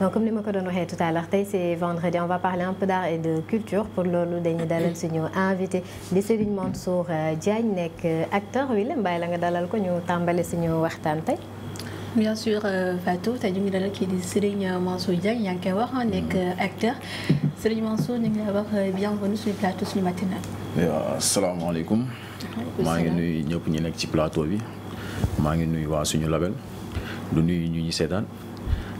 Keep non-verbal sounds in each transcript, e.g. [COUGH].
donc comme ni ma ko doon waxee tout à tey c'est vendredi on va parler un peu d'art et de culture pour loolu dañuy dalal [CLEARS THROAT] suñu invité di Serigne Mansour euh, Diagne nekk euh, acteur Willem bàyyi la nga dalal ko ñu tàmbale suñu waxtaan tey bien sûr euh, Fatou tey ñu ngi dalal kii di Serigne Mansour Diagne yaa ngi koy wax nekk mm-hmm. acteur Serigne Mansour ñu ngi lay wax bienvenue suñu plateau suñu matinal asalaamaaleykum maa ngi nuyu ñëpp ñi nekk ci plateau bi maa ngi nuyu w suñu label du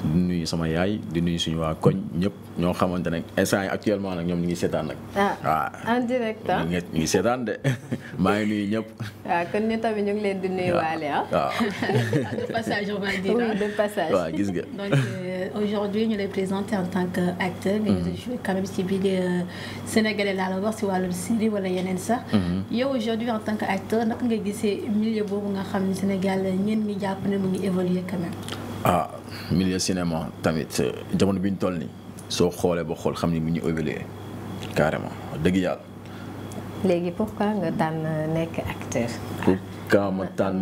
di nuyu sama yaay di nuyu suñu waa koñ ñëpp ñoo xamante ne instant yi actuellement nag ñoom ñu ngi seetaan nag. ah en direct ah ñu ngi seetaan de [LAUGHS] maa ngi nuyu ñëpp. waaw ah, kon ñu tamit ñu ngi leen di nuyuwaale ah. waaw [LAUGHS] de passage on va dire oui ah. gis nga donc euh, aujourd'hui ñu lay présenté en tant que acteur. nga ñu mm-hmm. joué quand même si biir euh, Sénégalais laa la wax si wàllum série wala yeneen sax. Mm-hmm. yow aujourd'hui en tant que acteur naka nga gisee milieu boobu nga xam ne Sénégal ñenn ñi jàpp ne mu ngi évoluer quand ah milieu cinéma tamit euh, jamono bi ñu toll nii soo xoolee ba xool xam ni mu ñu évolué carrément dëgg yàlla. léegi pourquoi nga tànn nekk acteur. pourquoi ma tànn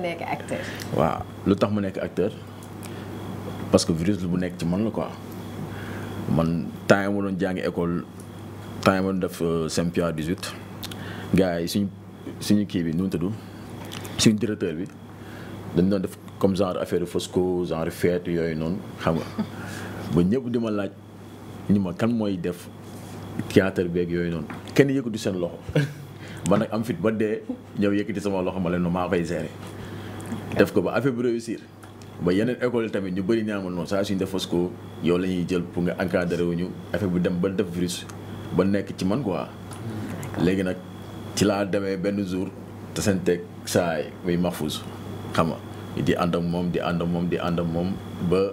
nekk acteur. waaw lu tax mu nekk acteur parce que virus bu nekk ci man la quoi man temps yi ma doon jàngi école temps yi ma doon def CMPA euh, 18 gars yi suñu suñu kii bi nu mu tudd suñu directeur bi dañ doon def. comme genre affaire Fosco genre fête yooyu noonu xam nga ba ñëpp di ma laaj ñu ma kan mooy def théâtre beeg yooyu noonu kenn du seen loxo [LAUGHS] man nag am fit ba dee ñëw di sama loxo ma leen no maa koy gérer def ko ba affaire bi réussir ba yeneen école tamit ñu bëri ñaamal noonu saa suñ def Fosco yow la ñuy jël pour nga encadré wu ñu affaire bu dem ba def virus ba nekk ci man quoi léegi nag ci laa demee benn jour te seen teg saay muy Mahfouz xam nga di ànd ak moom di ànd moom di ànd ak moom ba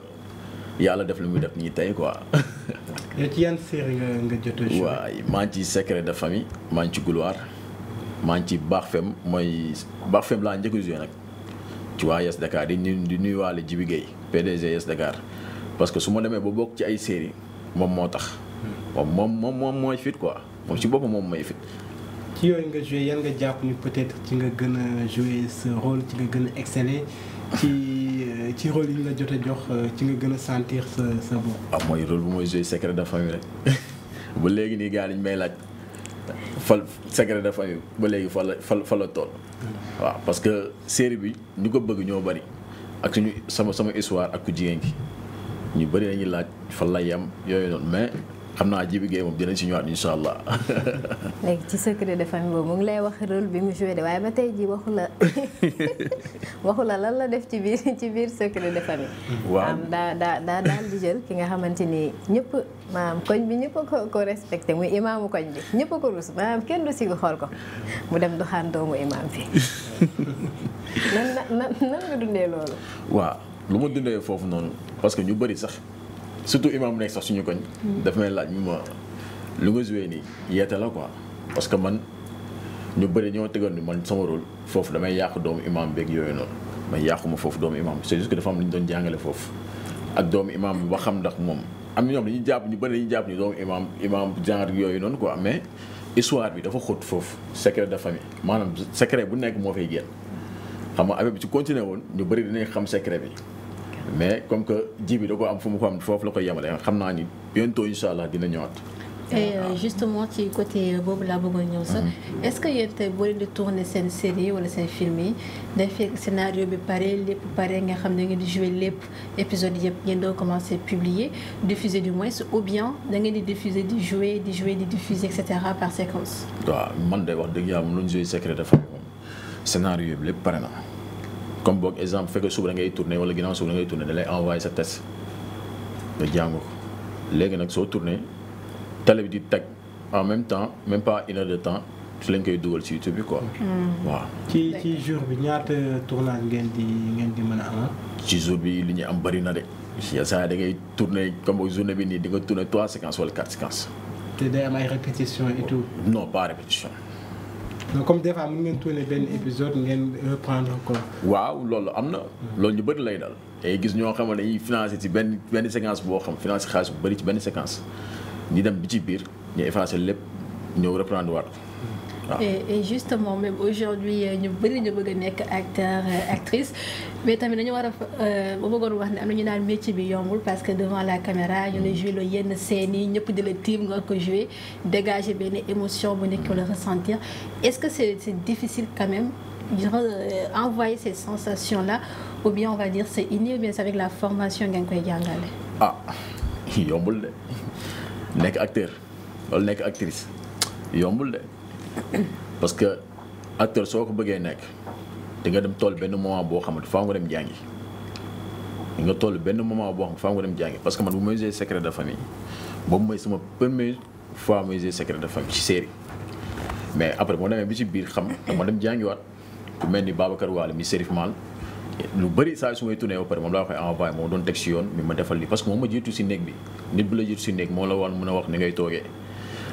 yàlla def li muy def nii tey quoi. [LAUGHS] yow ci yan série nga nga jot a joué. waay de famille maa ngi ci Gouloir maa ngi ci Baaxfem mooy Baaxfem laa njëkk a ci waa Yes Dakar di nuyu di nuyuwaale Jibi Gueye PDG que su ma demee ba bokk ci ay série moom moo tax. Hmm. moom moom moom mooy fit quoi moom ci boppam moom mooy fit. ci yooyu nga joué yan nga jàpp ni peut-être ci nga gën a joué ce ci nga gën a excellé. ci euh, ci rôle yi ñu la jot a jox euh, ci nga gën a sentir sa sa bopp. waaw ah, mooy rôle bu mooy joué secret de famille rek [LAUGHS] ba léegi nii gars yi may laaj fal secret de famille ba léegi fa la fa la tool. waaw parce que série bi ñu ko bëgg ñoo bari ak ñu sama sama histoire ak ku jigéen gi ñu bari nañu laaj fa la yem yooyu noonu mais. xam naa jibi géey moom dinañ si ñëwaat incha allah. [LAUGHS] léegi ci secret de famille boobu mu ngi lay wax rôle bi mu joué de waaye ba tey jii waxu la [LAUGHS] waxu la lan la def ci biir ci biir secret de famille. waaw daa daal di jël ki nga xamante ni ñëpp maanaam koñ bi ñëpp ko ko respecté muy imaamu koñ bi ñëpp ko rus maanaam kenn du si xool ko mu dem doxaan doomu imaam fi [LAUGHS] nan nan nga dundee loolu. waaw lu ma dundee foofu noonu parce que ñu bëri sax. surtout imam nekk sax suñu koñ. daf may laaj mu ma lu nga joué nii yeete la quoi parce que man ñu bëri ñoo tegoon ni man sama rôle foofu damay yàqu doomu imam beeg yooyu noonu may yàquma foofu doomu imam c'est juste am lu ñu doon jàngale foofu ak doomu imam bi ba xam ndax moom am na ñoom dañuy jàpp ñu bëri dañuy jàpp ni doomu imam imam genre yooyu noonu ko amee histoire bi dafa xot foofu secret de famille maanaam secret bu nekk moo fay génn xam nga affaire bi ci continué woon ñu bëri dinañ xam secret bi. mais comme que ji bi da ko am fu mu ko am foofu la ko yemale xam naa ni bientôt incha allah dina ñëwaat. et euh, justement ci côté boobu laa bëggoon ñëw sax mhm. est-ce que yéen tey boo leen di seen série wala seen film yi day fekk scénario bi pare lépp pare nga xam ne ngeen di jouer lépp épisode yëpp ngeen doo commencer publier diffuser du moins ou bien da di diffuser di jouer di jouer di diffuser et par séquence. waaw man day wax dëgg yàlla mu lu ñu jouer secret de moom scénario lépp pare na. comme boog exemple bu fekkee suba da ngay tourné wala ginnaaw suba ngay tourné nga jàng ko léegi nag soo tourné télé bi di teg en même temps même pas une heure de temps su lañ koy dugal ci YouTube bi quoi. Hmm. waaw ci ci jour bi ñaata tournage ngeen di ngeen di mën a ci jour bi li ñu am bari na de. yenn saa yi da ngay comme boog journée bi nii di nga tourné séquences wala 4 séquences. te day am ay répétitions et tout. pas répétition. comme des fois mën ngeen tourner benn épisode ngeen reprendre ko. waaw loolu am na. loolu ñu bëri lay dal. day gis ñoo xam ne dañuy financé ci benn benn séquence boo xam financé xaalis bu bëri ci benn séquence ñi dem bi ci biir ñu effacé lépp ñëw reprendre waat et justement même aujourd'hui euh, ñu bëgg a nekk acteur euh, actrice mais tamit dañu war a ba euh, bëggoon wax ne am na ñu naan métier bi yombul parce que devant la caméra ñu lay joué loo yenn scènes yi ñëpp di la tiim nga ko joué dégager benn émotion bu nekk la ressentir est-ce que c'est c'est difficile quand même envoyer ces sensations là ou bien on va dire c'est inné avec la formation nga koy jàngale. Ah, yombul de nekk acteur wala nekk actrice yombul de. parce que acteur soo ko bëggee nekk di nga dem toll benn moment boo xamante faaw nga dem jàngi di nga toll benn moment boo xam faaw nga dem jàngi parce que man bu may jouer secret de famille boobu mooy sama première fois may jouer secret de famille ci série mais après moo demee bi ci biir xam dama dem jàngiwaat ku mel ni Babacar Wale mi Serif Mal lu bëri saa su may tourné ba pare moom laa koy envoyé moo doon teg si yoon mi ma defal li parce que moom ma si néeg bi nit bu moo la wan mën a wax ni ngay toogee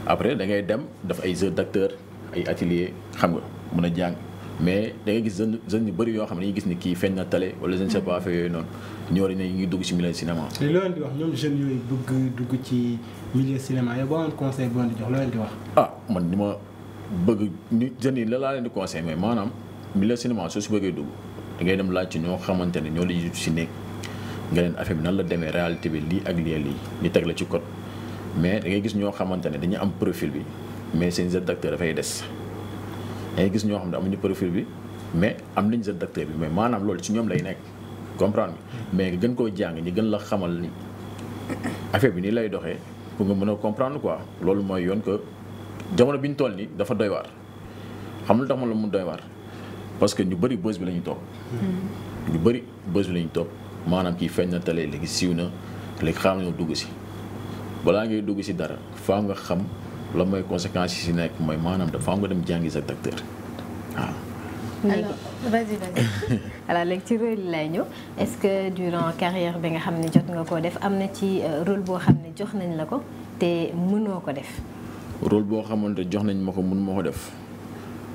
après da ngay dem daf ay jeux d'acteur ay atelier xam nga mën a jàng mais da nga gis jeune jeune yu bëri yoo xam ne dañuy gis ni kii feeñ na tale wala je ne sais pas affaire yooyu noonu ñoo ne ñu ngi dugg ci milieu cinéma. li loo leen yooyu bëgg dugg ci milieu cinéma yow boo amoon conseil boo leen di jox loo di wax. ah man ni ma bëgg ñu jeunes yi la laa leen di conseil mais maanaam milieu cinéma soo si bëggee dugg da ngay dem laaj ci ñoo xamante ne ñoo la jiitu si nekk nga leen affaire bi nan la demee réalité bi lii ak lii lii ñu teg la ci code mais da gis ñoo xamante ne dañu am profil bi. mais seen jeune d'acteur dafay des dangay gis ñoo xam ne amuñu profil bi mais am nañ jeune d'acteur bi mais maanaam loolu ci ñoom lay nekk comprendre mais nga gën koo jàng ñi gën la xamal ni affaire bi nii lay doxee pour nga mën a comprendre quoi loolu mooy yoon que jamono bi ñu toll nii dafa doy waar xam lu tax ma la mu doy waar parce que ñu bëri bës bi la hmm. ñu topp ñu bëri bës bi la ñu topp maanaam kii feeñ na télé léegi siiw na léegi xam nga dugg si balaa ngay dugg si dara faa nga xam la mooy conséquences yi si nekk mooy maanaam dafa am nga dem jàngi sa docteur waaw. alors vas-y vas-y [LAUGHS] alors lay ñëw est-ce que durant carrière bi nga xam ne jot nga koo def am na ci euh, rôle boo xam ne jox nañ la ko te mënoo ko def. rôle boo xamante jox nañ ma ko mën ma ko def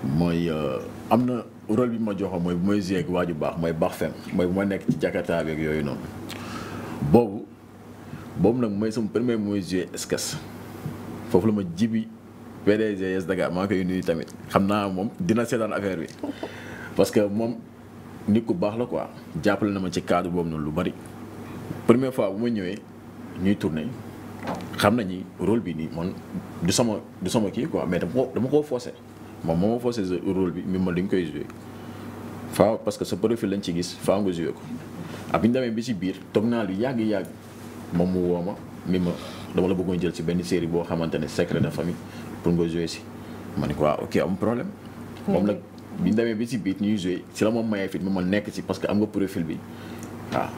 mooy euh, am na rôle bi ma joxoon mooy bu may joué ak waa ju baax mooy baax fem mooy bu ma nekk ci Jakarta beeg yooyu noonu boobu boobu nag mooy sama premier mooy joué esquisse. foofu la ma jibi PDG Yes Dakar maa koy nuyu tamit xam naa moom dina seetaan affaire bi parce que moom nit ku baax la quoi jàppale na ma ci cadre boobu noonu lu bari. première fois bu ma ñëwee ñuy tourné xam na nañu role bi nii man du sama du sama kii quoi mais dama ko dama koo forcé moom moo ma forcé role bi mi ma li koy joué. faaw parce que sa profil lañ ci gis faaw nga joué ko ak ah, bi ñu demee bi ci biir toog naa lu yàgg yàgg moom mu woo ma mi ma. dama la bëggoon jël si benn série boo xamante ne secret de famille pour nga jouer si ma ne ko waaw ok am problème moom nag bi ñu bi si biit ñuy jouer si la moom mayee fit ma ma nekk si parce que am nga profil bi waaw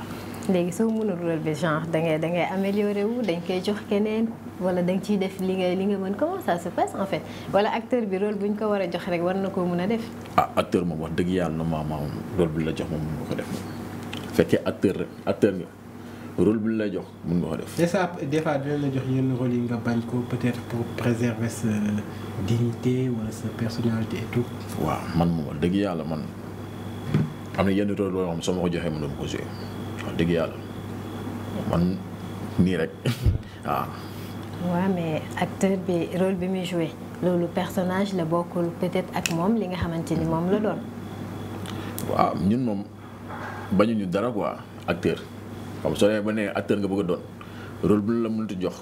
léegi soo mën a rôle bi da ngay da ngay amélioré wu dañ koy jox keneen wala da ciy def li nga li nga mën comment ça se passe en fait wala acteur bi rôle bu ñu ko war a jox rek war na koo mën a def. ah acteur moom wax dëgg yàlla na maam rôle bi la jox moom mën nga ko def bu fekkee acteur acteur nga. rôle bu la jox mun nga ko def. des fois des fois dina la jox yenn rôle yi nga bañ ko peut-être pour préserver sa dignité wala sa personnalité et waaw man moom wax dëgg yàlla man am na yenn rôle yoo xam ma ko joxee dëgg yàlla man nii rek [LAUGHS] waaw. waaw mais acteur bi rôle bi loolu personnage la bokkul peut ak moom li nga xamante ni moom la doon. waaw ñun moom bañuñu dara quoi acteur. xam nga soo demee ba nee acteur nga bëgg a doon rôle bu la mënut jox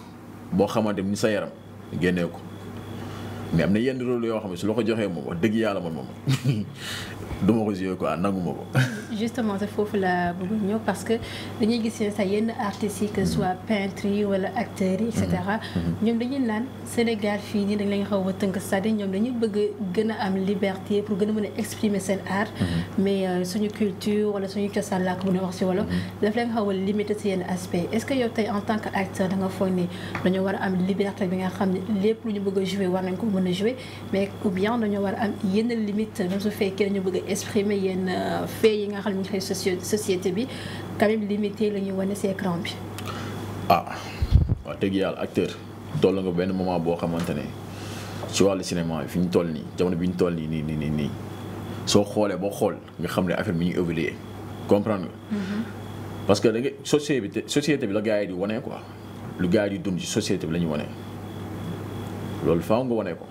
boo xamante ni sa yaram génnee ko mais am na yenn rôle yoo xam ne su loo ko joxee moom wax dëgg yàlla man moom [LAUGHS] du ma ko joué quoi nangu ma [LAUGHS] justement te foofu la bëgg ñëw parce que dañuy gis ne sax yenn artistes yi que soit peintres yi wala yi et mhm. Mhm. ñoom dañuy naan Sénégal fii nii dañ xaw a tënk c'est-à-dire ñoom dañuy bëgg gën a am liberté pour gën a mën a exprimer seen art mhm. mais euh, suñu culture wala suñu cosaan laa ko mën wax si wolof daf la nga xaw a limité si yenn aspect est-ce que yow tey en tant que acteur da foog ne dañoo war a am liberté bi nga xam ne lépp lu ñu bëgg a war nañ ko mën a jouer mais ou bien dañoo xamal ñu xëy société bi quand même limité la ñuy wane si écran bi. ah wax dëgg yàlla acteur toll nga benn moment boo xamante ne ci wàllu cinéma bi fi ñu toll nii jamono bi ñu toll nii nii nii nii soo xoolee boo xool nga xam ne affaire bi ñu évolué comprendre mm-hmm. parce que da nga société bi société bi la gars yi di wane ko lu gars yi di dund ci société bi la wane loolu faaw nga wane ko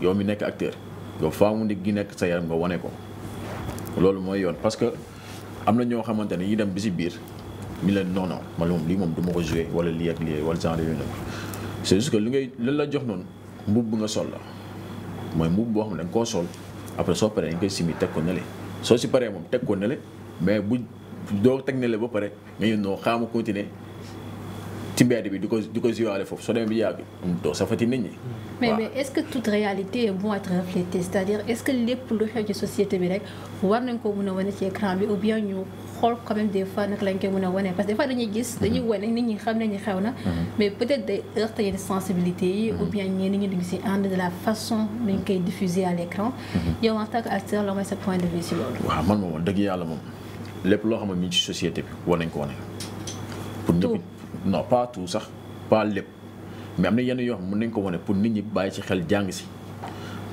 yow mi nekk acteur yow faaw mu gi nekk sa yaram nga wane ko loolu mooy yoon am na ñoo xamante ne yi dem bi si biir ñu leen non non man moom lii moom du ma ko joué wala lii ak lii wala genre yooyu nag c' est que li ngay lan la jox noonu mbubb bu nga sol la mooy mbubb boo xam ne da koo sol après soo paree dañ koy teg ko nele soo si paree moom teg ko nele mais bu doo teg nele ba pare nga yónnoo xaama continuer ci mbedd bi di ko di ko ziwaale foofu soo demee bi yàgg doo safati nit ñi. mais mais est-ce que toute réalité vont être reflétées c'est-à-dire est-ce que lépp lu xew ci société bi rek war nañ ko mën a wane ci écran bi ou bien ñu xool quand même des fois nag lañ mm-hmm. na. Mm-hmm. mais peut-être day heurter yenn sensibilité yi. ou mm-hmm. bien ñenn ñi duñ si ànd de la façon nuñ koy diffuser à l'écran yow en tant que acteur la mooy sa point de vue si loolu. waaw man moom dëgg yàlla moom lépp loo xam ne mi ngi ci bi war nañ ko wane. non pas tout sax pas lépp mais am na yenn yoon xam mën nañ ko wane pour nit ñi bàyyi ci xel jàng si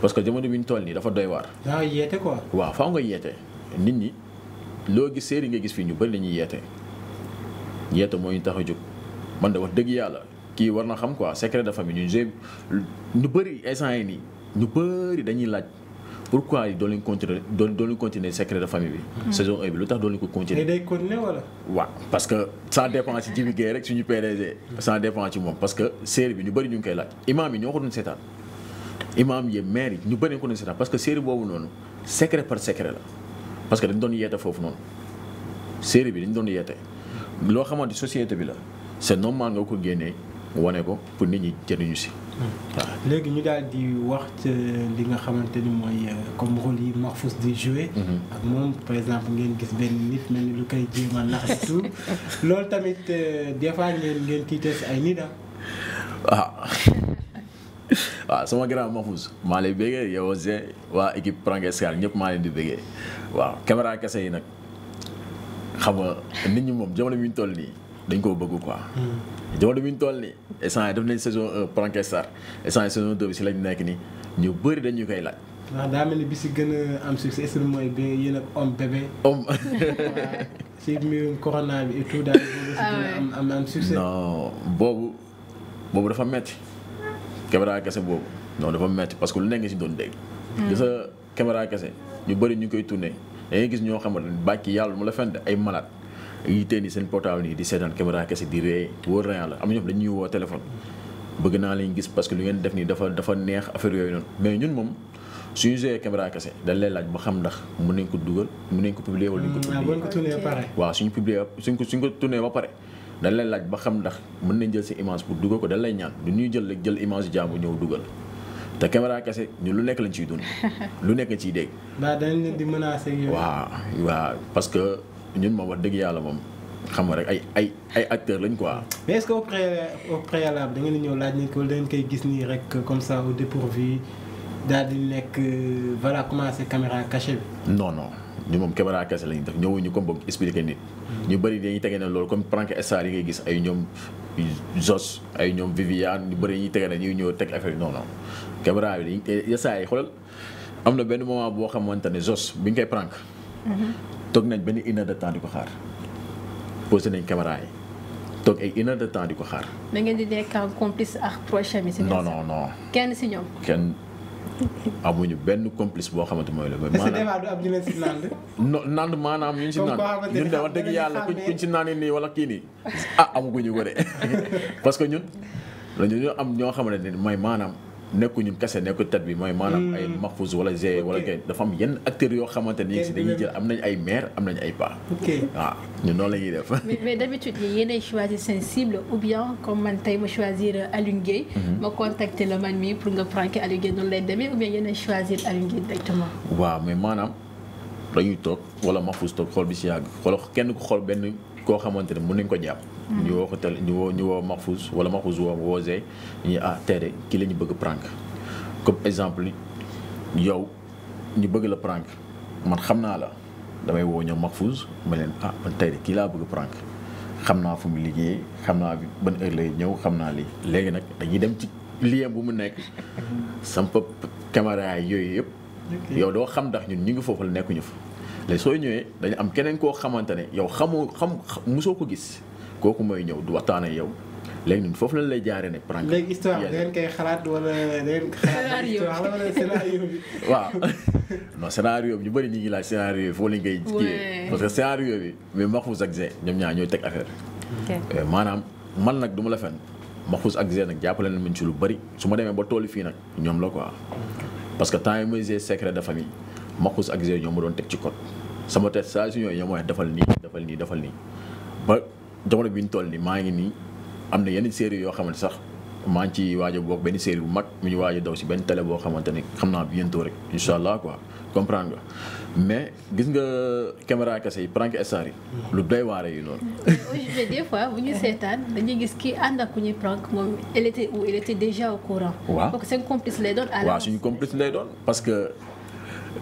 parce que jamono bi ñu toll nii dafa doy waar. waaw yeete ko waaw faaw nga yeete nit ñi loo gis séeri nga gis fii ñu bëri dañuy yeete yeete mooy ñu tax a jóg man de wax dëgg yàlla kii war na xam quoi secret de famille ñu ñu bëri instant yi nii ñu bëri dañuy laaj. pourquoi doo leen continuer doo doo leen continuer secret de famille bi. Hmm. saison 1 bi lu tax doo leen ko continuer. day waaw parce que sans dépendre ci Jibi Guèye rek suñu PDG. sans dépendre ci moom parce que série bi ñu bëri ñu ngi koy laaj imaam yi ñoo ko doon seetaan imaam yi maire yi ñu bëri ñu ko doon seetaan parce que série boobu noonu secret par secret la parce que dañ doon yeete foofu noonu série bi dañ doon yeete. loo xamante société bi la c'est normal nga ko génnee wane ko pour nit ñi jëriñu si. Hmm. léegi ñu daal di wax li nga xamante ni mooy euh, comme rôle yi Mahfouz di joué. Hmm. ak moom par exemple ngeen gis benn nit mel ni lu koy jéem a nax tout [LAUGHS] loolu tamit euh, des fois ngeen ngeen tiitee si ay nit ah. waaw ah. [LAUGHS] waaw ah, sama grand Mahfouz maa lay bëggee yow Ousseyn waa équipe Prank Escale ñëpp maa leen di bëggee waaw caméra kese yi nag xam nga nit ñi moom jamono mi ñu toll nii. dañ koo bëgg quoi. jamono bi ñu toll nii instant yii def saison 1 Pankestar instant yii saison 2 bi si lañ nekk nii ñu bëri dañ ñu koy laaj. waaw daa bi si gën a am succès est bi yéen ak homme bébé. homme. [LAUGHS] si mbirum corona bi et tout boobu boobu dafa metti caméra kese boobu non dafa metti parce que lu nekk nga si doon dégg. Hmm. gis nga caméra ñu bëri ñu koy tourné da ngay gis ñoo xamante ne bàkki yàlla mu la fend ay malade. yi tee ni seen portable yi di seetaan caméra kese di ree wóor na yàlla am na ñoom dañuy woo téléphone bëgg naa leen gis parce que lu ngeen def nii dafa dafa neex affaire yooyu noonu mais ñun moom suñu joué caméra kese dañ lay laaj jël jël rek jaamu ñëw dugal te caméra kese ñun lu nekk lañ ciy [LAUGHS] dégg. waaw dañ parce que. ñun moom wax dëgg yàlla moom xam nga rek ay ay ay acteurs lañ quoi. mais est-ce que au pré au ngeen di ñëw laaj nañ ko da koy gis nii rek comme ça au dépourvu daal di nekk euh, voilà commencé caméra cachée bi. non ñu moom caméra kese lañ def ñëwuñu comme boog expliqué nit. Hmm. ñu bëri dañuy tege ne loolu comme prank star ngay gis ay ñoom Jos ay ñoom Viviane ñu bëri dañuy tege ne ñuy ñëw teg affaire non non caméra bi dañuy te eh, eh, saa yi xoolal am na benn moment boo xamante ne Jos bi ñu koy prank. Mm-hmm. toog nañ benn une heure de temps di ko xaar posé nañ caméra yi toog ay une de temps di ko xaar. dangeen ngeen di nekk en complice ak prochain bi. si non non kenn si ñoom. kenn amuñu benn complice boo xamante mooy la. mais maanaam maanaam ñu ngi si yàlla wala kii nii [LAUGHS] ah amuguñu ko [LAUGHS] que ñun dañu ñoo xamante ne mooy maanaam. nekkuñu kese nekku tet bi mooy maanaam ay hmm. Mahfouz wala Zé wala kay dafa am yenn acteurs yoo xamante ni si dañuy jël am nañ ay mère am nañ ay paa. ok waaw ñun noonu la ñuy def. mais ou bien comme man tey ma choisir euh, Alioune Gueye. Mhm. ma contacter la man mii pour nga pranké Alioune Gueye noonu demee ou bien yéenay choisir Alioune Gueye directement. waaw mais maanaam dañuy toog wala Mahfouz toog xool bi si yàgg xool kenn ku xool benn. koo xamante ne mën nañ ko jàpp. Mm. ñu woo ko tel ñu woo ñu woo Mahfouz wala Mahfouz woo woo Zey ñu ah teere kii la bëgg prank comme exemple yow ñu bëgg la prank man xam naa la damay woo ñoom Mahfouz ma leen ah man teere kii laa bëgg prank xam naa fu mu liggéeyee xam naa ban heure lay ñëw xam naa lii léegi nag dañuy dem ci lien bu mu nekk [LAUGHS] samp caméra yooyu yëpp. yow doo xam ndax ñun ñu ngi foofu la nekkuñu fa. léegi sooy ñëwee dañu am keneen koo xamante ne yow xamoo xam musoo ko gis kooku mooy ñëw du waxtaan ak yow léegi foofu lañ lay jaaree nag par léegi histoire da ngeen xalaat wala da [LAUGHS] bi. waaw [LAUGHS] non scénario bi ñu bari ñu ngi laaj scénario bi foo leen koy. kii parce que scénario bi mais Mahfouz ak Zé ñoom ñaar ñooy teg affaire. Euh, maanaam man nag du ma la fen Mahfouz ak Zé nag jàppale nañu ci lu bari su ma demee ba toolu fii nag ñoom la ko quoi. parce que temps yi muy Zé secret de famille. Marcus ak Zé ñoo ma doon teg ci code sama test saa su ñooy ñoo ma defal nii defal nii defal nii ba jamono bi ñu toll nii maa ngi nii am na yenn série yoo xamante sax maa ngi ci waaj a bokk benn série bu mag mu ñu waaj a daw si benn télé boo xamante ni xam naa bientôt rek incha allah quoi comprendre nga mais gis nga caméra kese yi prank lu doy waare yi [LAUGHS] bu ñu seetaan dañuy gis ki ànd ak ku ñuy prank moom il était ou il était déjà au courant. waaw donc seen complice lay doon. à waaw suñu complice lay doon parce que.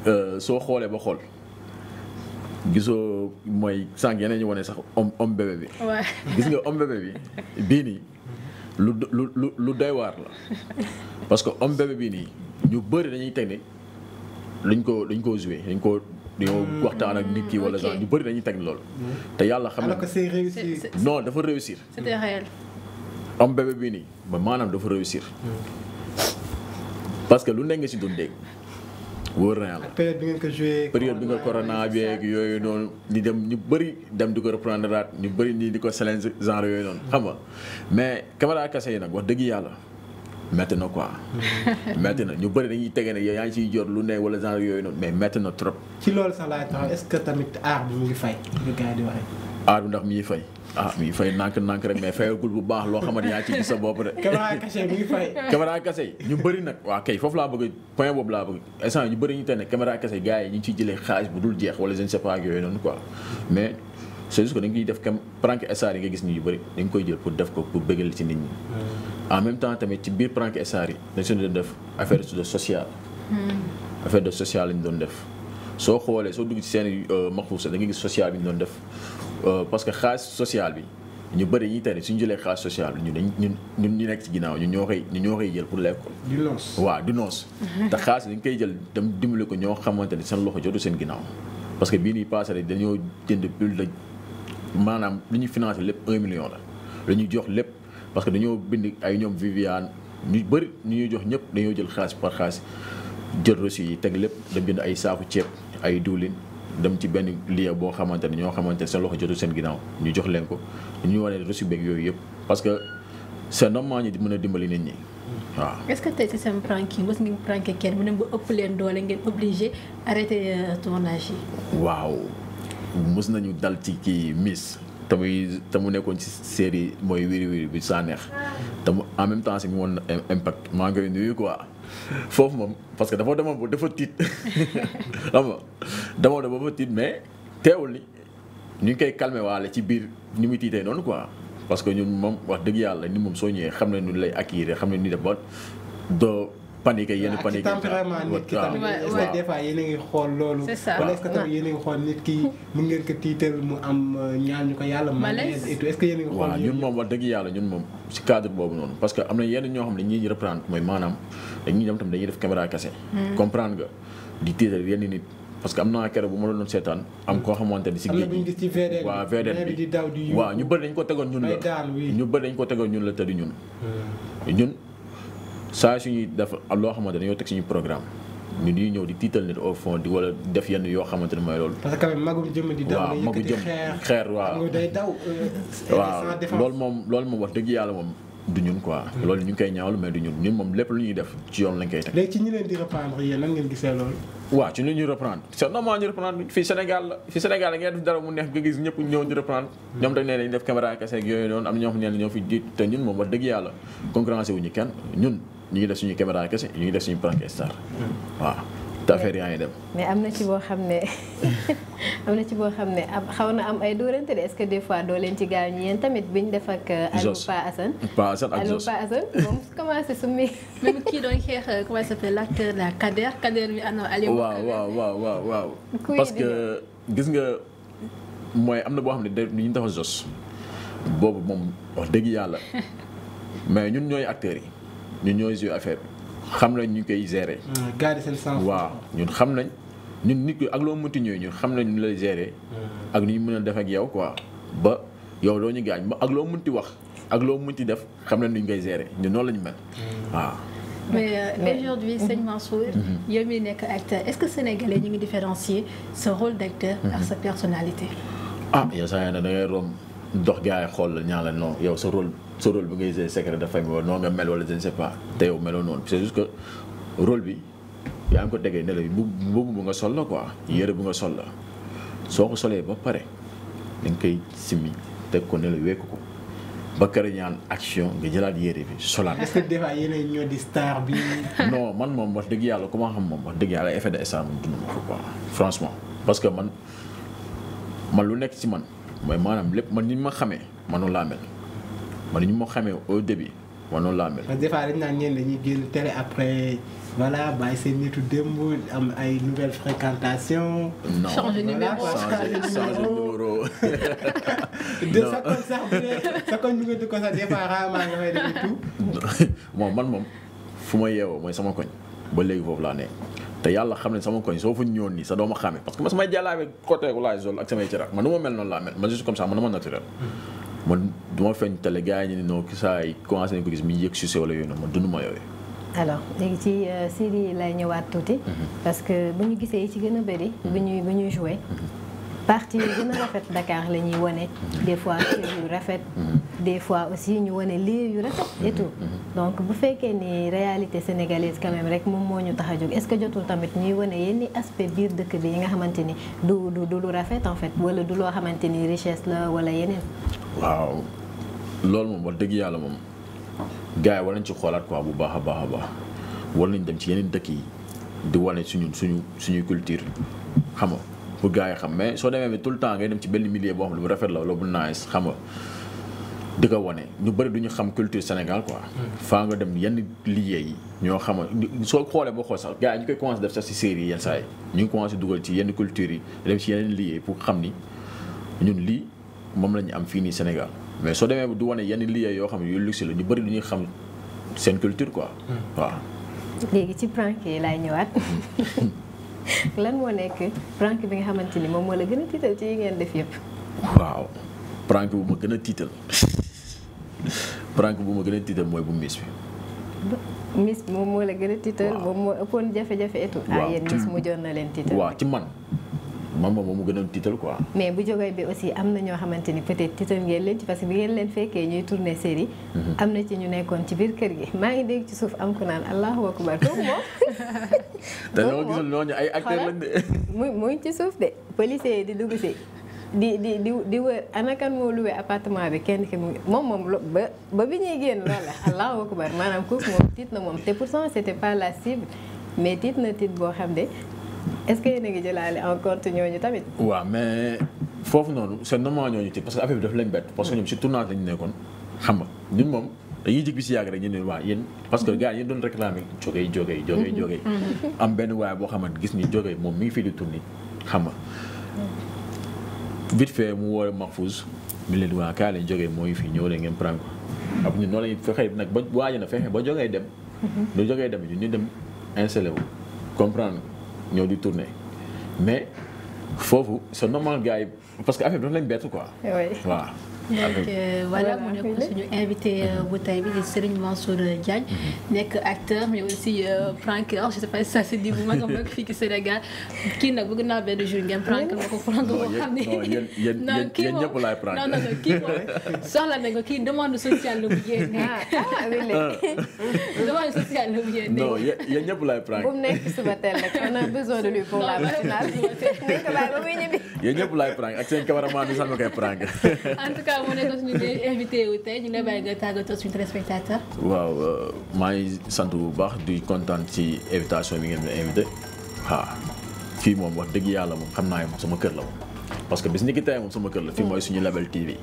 Euh, soo xoolee ba xool gisoo mooy sànq yeneen ñu wane sax om om bébé bi. gis nga om bébé bi bii nii lu lu lu doy la parce que om bébé bii nii ñu bëri dañuy teg ne dañ ko luñ koo joué dañ koo dañoo hmm. waxtaan ak nit ki wala genre ñu bëri dañuy teg ne loolu. te yàlla xam na c'est réussir. dafa réussir. c'était réel. maanaam dafa réussir. Hmm. parce que lu nekk nga si dundee. wóor na yàlla période bi ngeen ko joué. période bi nga corona beeg yooyu noonu ñu dem ñu bëri dem di ko reprendre ñu bëri nii di ko selin genre yooyu noonu xam nga mais caméra kase yi nag wax dëgg yàlla métti na quoi. [LAUGHS] métti na ñu bëri dañuy tege ne yow yaa ngi ciy jot lu ne wala genre yooyu noonu mais métti na trop. ci loolu sax est-ce que tamit aar bi mu ngi fay. aar bi ndax mi ngi fay. ah mi ngi fay nànk nànk rek mais fayagul bu baax loo xamante yaa ci gis sa bopp de. caméra cachée mi ñu bari nag waaw kay foofu laa bëgg point boobu laa bëgg instant ñu bëri ñu tey ne caméra gars yi ñu ngi ciy jëlee xaalis bu dul jeex wala je ne sais pas mais c'est juste que dañ def cam prank SR yi nga gis ñu yu bëri dañ koy jël pour def ko pour bëggal ci nit ñi. Hmm. en même temps tamit ci biir prank SR yi dañ si doon def affaire su de social. Hmm. affaire de social ñu doon def soo xoolee soo dugg ci seen euh, maxfuus da nga gis social bi ñu doon def Euh, parce que xaalis social bi ñu bëri ñi tane suñu jëlee xaalis social bi ñu dañ ñun ñun ñu nekk si ginnaaw ñu ñoo koy ñu ñoo koy jël pour l'école. du noos waaw du noos. [LAUGHS] te xaalis dañ koy jël dem dimbali ko ñoo xamante ne seen loxo jotu seen ginnaaw parce que bii nii passé rek dañoo jënd plus maanaam lu ñu financé lépp 1 million la lu ñu jox lépp parce que dañoo bind ay ñoom Viviane ñu bëri ñu ñuy jox ñëpp dañoo jël xaalis par xaalis jël reçu yi teg lépp dam bind ay saaku ceeb ay diwlin. dem ci benn lieu boo xamante ne ñoo xamante ne seen loxo jotu seen ginnaaw ñu jox leen ko ñu wane reçu beeg yooyu yëpp parce que c'est normal di mën a dimbali nit ñi waaw. est-ce que tey ci seen pranking mos ngeen pranké kenn mu ne ba ëpp leen doole ngeen obligé arrêté euh, tournage yi. waaw nañu dal ci kii Miss te muy te mu nekkoon ci série mooy wiri bi saa neex te mu en même temps si mu woon impact maa ngi koy nuyu quoi foofu moom parce que dafa demoon ba dafa tiit [LAUGHS] xam damoo ne ba ma tiit mais teewul ni ñu koy calmé ci biir ni muy tiitee noonu quoi parce que ñun moom wax dëgg yàlla ni moom soo ñëwee xam xam nañ ñu def ba doo paniqué yenn ah, paniqué. waaw ngi xool loolu. c'est ça wala est-ce que tamit yéen a ngi xool nit ki mun ngeen ko tiital euh, ñun moom wax dëgg yàlla boobu noonu parce que am na yenn ñoo xam ne ñii reprendre mooy def caméra cassée. Hmm. comprendre nga di tiital yenn nit parce que am naa keroog bu ma doon seetaan am koo xamante ni si gi waaw VDN bi waaw ñu ko tegoon ñun la ñu bëri dañ ko tegoon ñun la te di ñun hmm. ñun saa suñuy def loo xamante ne ñoo teg suñu programme ñu di ñëw di tiital nit au fond di wala def yenn yoo xamante ne mooy loolu. parce que magum jëm di daw waaw magu jëm xeer waaw day daw. Euh, [LAUGHS] loolu moom loolu moom wax dëgg yàlla moom du ñun quoi. Hmm. loolu ñu ngi koy ñaawlu mais du ñun ñun moom lépp lu ñuy def ci yoon lañ koy teg. léegi ci ñi leen di ngeen gisee loolu. waaw ci lu ñuy reprendre c'est normal ñu reprendre fii Sénégal la fii Sénégal la ngeen def dara mu neex nga gis ñëpp ñëw ñu reprendre ñoom dañ ne dañu def caméra kese ak yooyu noonu am ñoo xam ne ñoo fi jiit te ñun moom wax dëgg yàlla concurrencé wuñu kenn ñun ñu ngi def suñu caméra kese ñu ngi def suñu plaque star waaw affaire yaa ngi dem. mais am na ci boo xam ne [LAUGHS] am na ci boo xam ne am xaw na am ay dóorante de est-ce que des fois doo leen ci gaañu yéen tamit biñ def ak. Euh, Aliou Pa Assane Pa Assane ak Aliou Pa Assane moom [LAUGHS] commencé summi. même kii doon xeex euh, comment il s'appelle la Kader Kader mi ànd ak Aliou. waaw waaw waaw waaw. parce que gis nga mooy am na boo xam ne day ñu dafa jos. boobu moom dëgg yàlla [LAUGHS] mais ñun ñooy acteurs yi ñun ñooy jouer affaire xam na ñu ngi koy gérer. Euh, garder seen sens. waaw ñun xam nañ ñun nit ko ak loo mënti ñëwee ñun xam nañ ñu ngi lay gérer. Euh. ak nu ñu mën a def ak yow quoi ba yow loo ñu gaañ ak loo ti wax ak loo mun mënti def xam nañ ñu koy gérer ñu noonu lañ ñu mel euh. waaw. mais aujourd'hui mhm. sëñ Mansour. Mhm. yow mi nekk acteur est-ce que sénégalais ñu ngi différencier sa rôle d'acteur mhm. ak sa personnalité. ah yow saa na da ngay rom dox gaa yi xool la ñaa la non yow sa rôle. sa rôle bi ngay joué secret de famille wala noo nga mel wala je ne te yow melo noonu c'est que rôle bi yaa ngi ko tegee ne la mbubb bu nga sol la quoi yére bu nga sol la soo ko solee ba pare da koy simi teg ko ne la wekk ko ba kër ñaan action nga jëlaat yére bi solaat. est-ce que ñoo di star bi. [LAUGHS] non man moom wax dëgg yàlla ku ma xam moom wax dëgg yàlla effet de star moom dund ma parce que man man lu nekk ci man mooy maanaam lépp man ni ma xamee manu laa mel. man ñu ma xamee au début man noonu laa mel. parce que des fois dañu naan ñenn dañuy génn télé après voilà am ay nouvelles fréquentations. non changer numéro changer [LAUGHS] numéro. [LAUGHS] de sa koñ sax bu dee sa koñ ñu ko sax des fois rarement nga fay demee tout. bon [LAUGHS] man moom fu ma yeewoo mooy sama koñ ba léegi foofu laa ne te yàlla xam ne sama koñ soo fa ñëwoon nii sa doo ma xàmme parce que man samay jàllale côté wu ak samay cëraat man nu ma mel noonu laa mel man juste comme ça man dama naturel. Mm. man du ma feeñ tale gars yi ñu ne non ki saa yi commencé nañ ko gis mi ngi yëg succès wala yooyu noonu man dund ma yooyu. alors léegi ci euh, série lay ñëwaat tuuti. Mhm. parce que bu ñu gisee ci gën a bëri. Mhm. bu ñuy bu ñuy joué. Mhm. partie yu gën a rafet Dakar la ñuy wane des fois yu rafet mm-hmm. des fois aussi ñu wane lieu yu rafet et mm-hmm. Mm-hmm. donc bu fekkee ni réalité sénégalaise quand même rek moom moo ñu tax a jóg est-ce que jotul tamit ñuy wane yenn aspect biir dëkk bi yi nga xamante ni du du lu rafet en fait wala du loo xamante ni richesse la wala yeneen waaw loolu moom wax dëgg yàlla moom gars yi ci xoolaat quoi bu baax a baax a baax war nañ dem ci yeneen dëkk yi du wane suñu suñu suñuy culture pour gars yi xam mais soo demee tout temps ngay dem ci benn milieu boo xam ne bu rafet la wala bu nice xam nga ko wane ñu bëri du ñu xam culture Sénégal quoi. Hmm. faa nga dem yenn liggéey yi ñoo xam soo xoolee boo xool sax gars yi ñu koy commencé def sax si série yi yenn yenn culture yi dem ci yeneen liggéey xam ni ñun lii moom la ñu am fii nii Sénégal mais soo demee du wane yenn liggéey yoo xam ne yu luxe la ñu bëri du ñu xam seen culture quoi. Hmm. waaw. léegi ci prank yi laay ñëwaat. [LAUGHS] [LAUGHS] lan moo nekk prank bi nga xamante ni moom moo la gën a tiital ci yi ngeen def yëpp. waaw prank bu ma gën a tiital [LAUGHS] prank bu ma gën a tiital mooy bu miss bi. moom moo la gën a tiital. moom moo ëppoon jafe-jafe etu. Ah, waaw yéen miss mujjoon na leen tiital. waaw ci man man moom mu gënoon tiital quoi. mais bu jógee bi aussi am na ñoo xamante ni peut-être tiital ngeen leen ci parce que bi ngeen leen fekkee ñuy tourner série. Mhm. am na ci ñu nekkoon ci biir kër gi maa ngi dégg ci suuf am ku naan allahu akbar kooku moom. [LAUGHS] te ñoo gisul [LAUGHS] ci suuf de policiers yi di dugg si. di di di di wër ana kan moo bi kenn ki mu moom moom ba ba bi ñuy génn loola allahu akbar maanaam kooku moom tiit na moom te pourtant c'était par la cible mais tiit na tiit boo xam de est-ce que yéen a ngi jëlaale en compte ñooñu tamit. waaw mais foofu noonu c'est normal ñooñu ci parce que affaire bi daf leen bett. parce que ñoom si tournage lañu nekkoon xam nga ñun moom dañuy jig bi si yàgg rek ñu ne waa yéen parce que gars doon réclamer jógee jógee jógee mm-hmm. Mm-hmm. am benn waay boo xamante gis ni jógee moom mi ngi fii di tourner xam nga. Mm-hmm. vite fait mu wóor Mahfouz mi leen waa kaa leen jógee fii ñëw leen ngeen prendre ko ab ñun noonu lañuy fexe nag ba waaj na fexe ba jógee dem. lu jógee dem ñu dem installé wu comprendre ñëw di tourner mais foofu c'est normal gars yi parce que affaire bi dafa lañ bett quoi. waaw. donc euh, voilà mu nekk suñu invité bu tay bi di Serigne Mansour euh, Diagne mm-hmm. nekk acteur mais aussi euh, pranker je sais pas si se dit bu mag a mag fii ci Sénégal kii nag bëgg naa benn jour ngeen prank ma ko prank boo xam ne non kii moom non non non kii moom soxla na ko kii demande sociale la bu jee nekk ah, ah, ah. [LAUGHS] demande sociale la bu jee nekk non yéen ñëpp laay prank bu mu nekk suba teel nag on a besoin de lui pour la matinale yéen ñëpp laay prank ak seen cameraman bi sax nga koy prank en tout cas tey ñu ngi lay bàyyi waaw maa ngi sant bu baax di kontaan ci invitation bi ngeen invité waaw fii moom wax dëgg yàlla moom xam naa moom sama kër la moom. parce que bis ni ki moom sama kër la fii mooy suñu label TV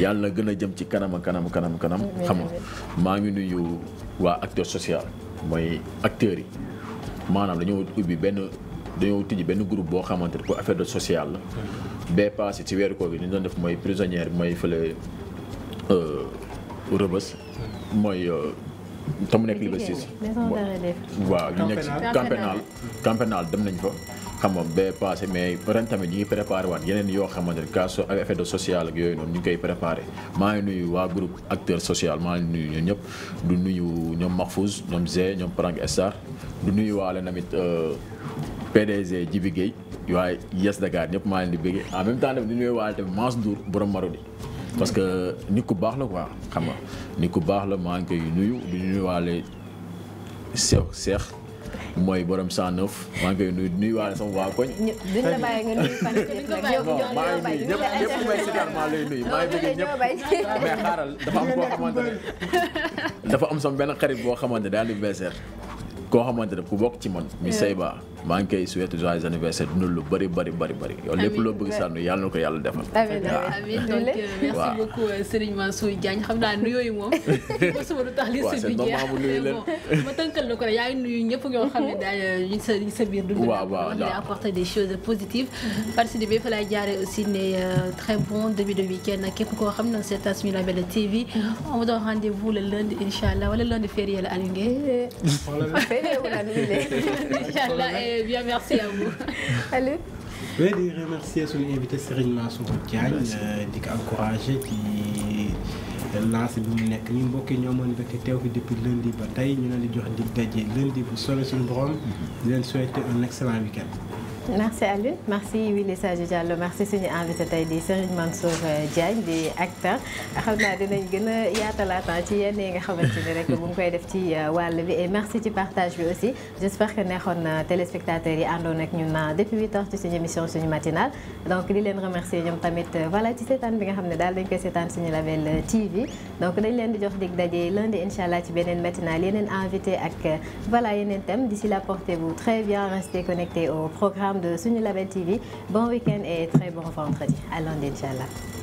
yàlla na gën a jëm ci kanam kanam kanam kanam xam nga maa ngi nuyu waa acteur social mooy acteurs yi maanaam dañoo ubbi benn dañoo tijji benn groupe boo xamante pour affaire de social la. bee passé ci weeru koor bi li ñu doon def mooy prisonnière bi mooy fële euh, rëbës mooy euh, te mu nekk Liberté 6 waaw ñu nekk camp pénal camp dem nañ fa xam nga bee passé mais ren tamit ñu ngi préparé waat yeneen yoo xamante ne cas ak effet de social ak yooyu noonu ñu koy préparé maa ngi nuyu waa groupe acteur social maa ngi nuyu ñëpp du nuyu ñoom Mahfouz ñoom Zé ñoom Prank Star du nuyu waale tamit euh, PDG Djibi Guèye waaye yes Dakar ñëpp maa leen di bëggee en même temps di nuyu waale tamit Mansour Ndour borom Marodi parce que nit ku baax la ko xam nga nit ku baax la maa ngi koy nuyu di nuyu waale mooy borom 109 maa ngi koy nuyu di am koo xamante dafa am sama benn xarit boo xamante ne daal di beeseer koo xamante ne ku bokk ci man mi hmm. Seyba maa ngi koy souhaité joyeux anniversaire dundal lu bari bari bari bari yow lépp loo bëgg sànnu yàlla na ko yàlla defal. amiin amiin donc euh, merci [LAUGHS] beaucoup euh, Serigne Mansour Diagne xam naa nuyoo yi moom. waaw [LAUGHS] suba du tax li sa bi jeex ma tënkal la ko rek yaa ngi nuyu ñëpp ñoo xam ne daal euh, ñu sa sa biir dund. waaw waaw waaw lay apporter des choses positives. parce que bi fa lay jaaree aussi ne très bon début de week-end képp koo xam ne c'est Asmi Label TV. Mm-hmm. on vous donne rendez-vous le lundi incha allah wala lundi férié la Aliou Ngé. [LAUGHS] incha allah. Très eh bien, merci à vous. [LAUGHS] Allez. oui di remercier suñu invité Serigne Mansour Diagne euh, di ko encouragé ci lancé bi mu nekk ñun mbokk yi ñoo mën a teew fi depuis lundi ba tey ñu leen di jox di daje lundi bu soobee suñu borom mhm. leen souhaiter un excellent week-end. merci Aliou merci Willy Sadio Diallo merci suñu invité tey di Serigne Mansour euh, Diagne di acteur xam naa dinañ gën a yaatalaataan ci yenn yi nga xamante ni rek bu ngi koy def ci euh, wàll bi et merci ci partage bi aussi j'espère que neexoon na téléspectateurs yi àndoon ak ñun euh, depuis huit heures ci suñu émission suñu matinale donc di leen remercier ñoom tamit voilà ci seetaan bi nga xam ne daal dañ koy seetaan suñu label TV donc dañ leen di jox dig daje lundi incha allah ci beneen matinale yeneen invité ak voilà yeneen thème d'ici là portez-vous très programme de Sunu Label TV bon week-end et très bon vendredi à lundi inchallah